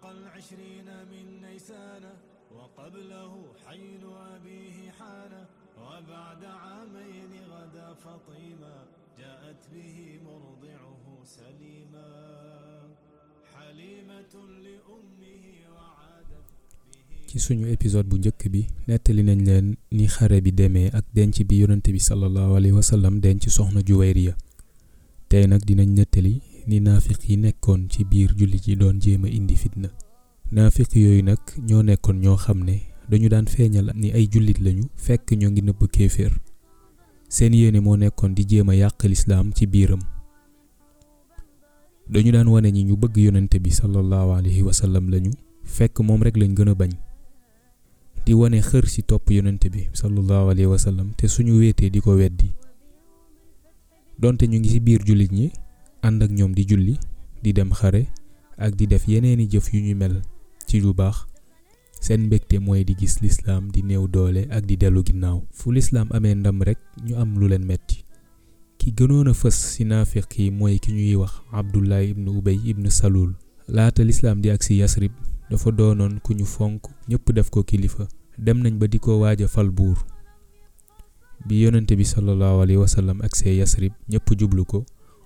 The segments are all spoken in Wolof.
فوق العشرين من نيسان وقبله حين أبيه حان وبعد عامين غدا فطيما جاءت به مرضعه سليما حليمة لأمه وعادت ci suñu épisode bu njëkk bi nettali nañ leen ni xare bi demee ak denc bi yonent bi sallallahu alayhi wa sallam denc soxna Juwayriya tey nag dinañ nettali ni naafiq yi nekkoon ci biir jullit yi doon jéem a indi fitna naafiq yooyu nag ñoo nekkoon ñoo xam ne dañu daan feeñal ni ay jullit lañu fekk ñoo ngi nëbb kéeféer seen yéene moo nekkoon di jéem a yàq lislaam ci biiram dañu daan wane ñi ñu bëgg yonente bi sallallahu alayhi wa sallam lañu fekk moom rek lañ gën a bañ di wane xër ci topp yonente bi sallallahu alayhi wa sallam te suñu wéetee di ko weddi donte ñu ngi ci biir jullit ñi ànd ak ñoom di julli di dem xare ak di def yeneeni jëf yu ñu mel ci lu baax seen mbegte mooy di gis lislaam di néew doole ak di dellu ginnaaw fu lislaam amee ndam rekk ñu am lu leen metti ki gënoon a fës ci naafiq yi mooy ki ñuy wax abdullah ibnu ubay ibnu salul laata lislaam di agsi yasrib dafa doonoon ku ñu fonk ñépp def ko kilifa dem nañ ba di ko waaj a fal buur bi yonente bi sallallahu alayhi wa sallam agsee yasrib ñépp jublu ko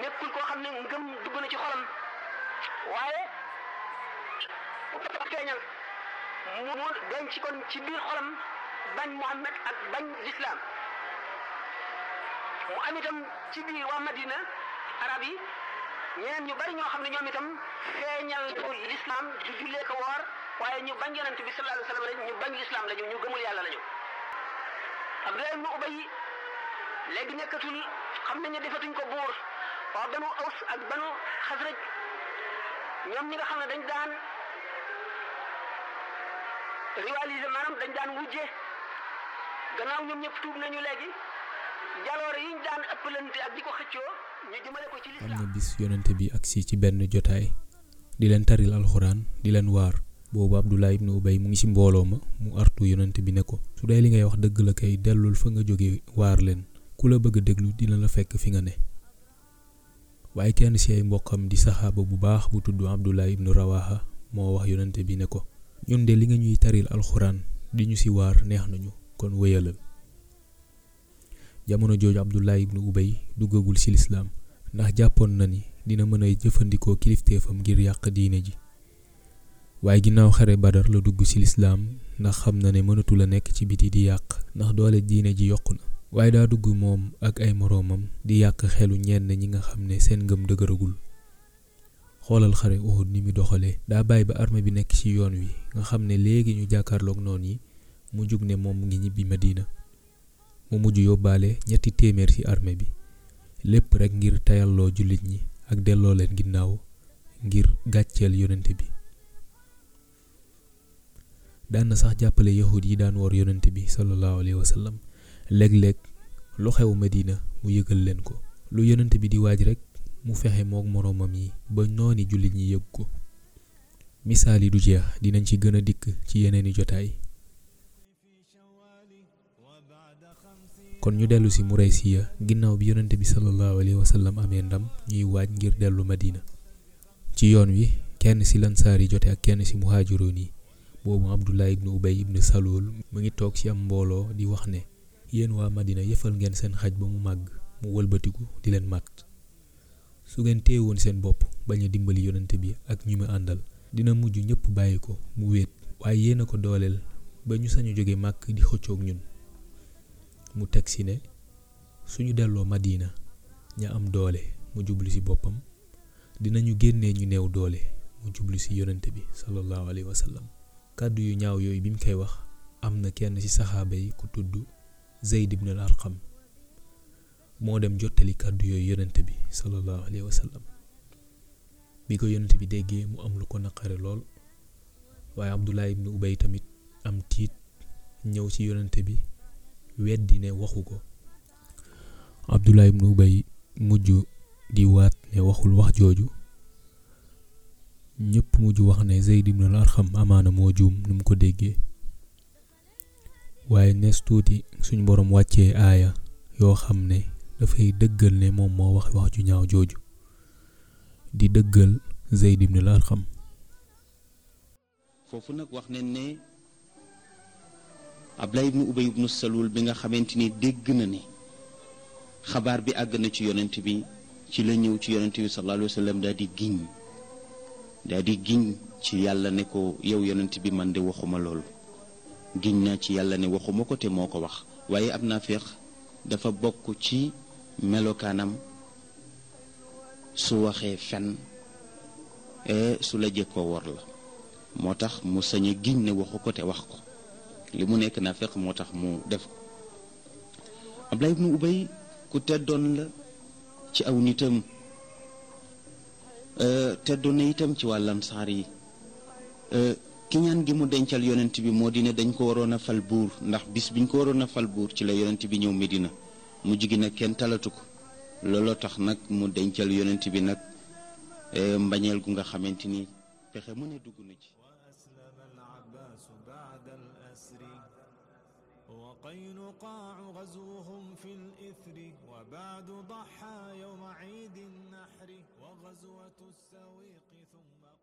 nekkul koo xam ne ngëm dugg na ci xolam waaye feeñal mu denc kon ci biir xolam bañ Muhammad ak bañ lislaam mu am itam ci biir waa Madina arab yi ñeneen ñu bari ñoo xam ne ñoom itam feeñal ko lislaam du jullee ko woor waaye ñu bañ yonent bi sallallahu alayhi wa sallam lañ ñu bañ lislaam lañu ñu gëmul yàlla lañu Abdullah ibn Ubay léegi nekkatul xam nañu defatuñ ko buur dañ daan wujje gannaaw ñoom ñëpp tuub nañu léegi jaloore yi ñu daan ëppalante ak di ko xëccoo ñu jëmale ko ci lislaam am na bis yonente bi agsi ci benn jotaay di leen taril alxuraan di leen waar boobu Abdullah ibnu Ubay mu ngi ci mbooloo ma mu artu yonente bi ne ko su dee li ngay wax dëgg la kay dellul fa nga jóge waar leen ku la bëgg déglu dina la fekk fi nga ne waaye kenn ci ay mbokkam di saxaaba bu baax bu tudd Abdullah ibnu Rawaha moo wax yonent bi ne ko ñun de li nga ñuy taril alxuraan di ñu ci waar neex nañu kon wéyalal jamono jooju Abdullah ibnu Ubay duggagul ci lislaam ndax jàppoon na ni dina mën a jëfandikoo kilifteefam ngir yàq diine ji waaye ginnaaw xare Badar la dugg ci lislaam ndax xam na ne mënatul a nekk ci biti di yàq ndax doole diine ji yokk na waaye daa dugg moom ak ay moroomam di yàq xelu ñenn ñi nga xam ne seen ngëm dëgëragul xoolal xare Uhud ni mu doxalee daa bàyyi ba armée bi nekk ci yoon wi nga xam ne léegi ñu jàkkaarloog noon yi mu jug ne moom mu ngi ñibbi Madina mu mujj yóbbaale ñetti téeméer ci armée bi lépp rekk ngir teyalloo jullit ñi ak delloo leen ginnaaw ngir gàcceel yonent bi daan sax jàppale yahud yi daan wor yonent bi sallallahu alayhi wa sallam léeg-léeg lu xew Medina mu yëgal leen ko lu yonent bi di waaj rek mu fexe mook moroomam yi ba nooni jullit ñi yëg ko misaal yi du jeex dinañ ci gën a dikk ci yeneeni jotaay kon ñu dellu si mu Muraysiya ginnaaw bi yonent bi sallallahu alayhi wa sallam amee ndam ñuy waaj ngir dellu Madina ci yoon wi kenn si lansaar yi jote ak kenn si muhaajiroon yi boobu Abdullah ibnu Ubay ibnu Salul mu ngi toog ci am mbooloo di wax ne yéen waa Madina yëfal ngeen seen xaj ba mu màgg mu wëlbatiku di leen màtt su ngeen teewoon seen bopp bañ a dimbali yonente bi ak ñi àndal dina mujj ñëpp bàyyi ko mu wéet waaye yéen a ko dooleel ba ñu sañu jóge màkk di xoccook ñun mu teg si ne suñu delloo Madina ña am doole mu jublu si boppam dinañu génnee ñu neew doole mu jublu ci yonente bi sallallahu alayhi kàddu yu ñaaw yooyu bi mu koy wax am na kenn ci saxaaba yi ku tudd Zeyd ibn al Arqam moo dem jottali kàddu yooyu yonent bi sallallahu alayhi wa bi ko yonent bi déggee mu am lu ko naqare lool waaye Abdullah ibn Ubay tamit am tiit ñëw ci yonent bi weddi ne waxu ko Abdullah ibn Ubay mujj di waat ne waxul wax jooju ñëpp mujj wax ne Zeyd ibn al Arqam amaana moo juum nu mu ko déggee waaye nees tuuti suñu boroom wàccee aaya yoo xam ne dafay dëggal ne moom moo wax wax ju ñaaw jooju di dëggal Zayd ibn al-Arqam foofu nag wax nañ ne Abdallah ibnu Ubay ibnu Salul bi nga xamante ni dégg na ne xabaar bi àgg na ci yonent bi ci la ñëw ci yonent bi sallallahu alayhi wa daal di giñ daal di giñ ci yàlla ne ko yow yonent bi man de waxuma loolu giñ naa ci yàlla ne waxuma ko te moo ko wax waaye ab naafiq dafa bokk ci melokaanam su waxee fen e su la jëkkoo wor la moo tax mu sañ a giñ ne waxu ko te wax ko li mu nekk naafiq moo tax mu def ko Abdallah ibnu Ubay ku teddoon la ci aw nitam e, teddoon na itam ci wàllam saar yi e, ki gi mu dencal yonent bi moo di ne dañ ko waroon a fal buur ndax bis biñ ko waroon a fal buur ci la yonent bi ñëw Medina mu jigi na kenn talatu ko looloo tax nag mu dencal yonent bi nag eh, mbañeel gu nga xamante ni pexe mu ne dugg na ci وقينقاع غزوهم في الإثر وبعد ضحى يوم عيد النحر وغزوة السويق ثم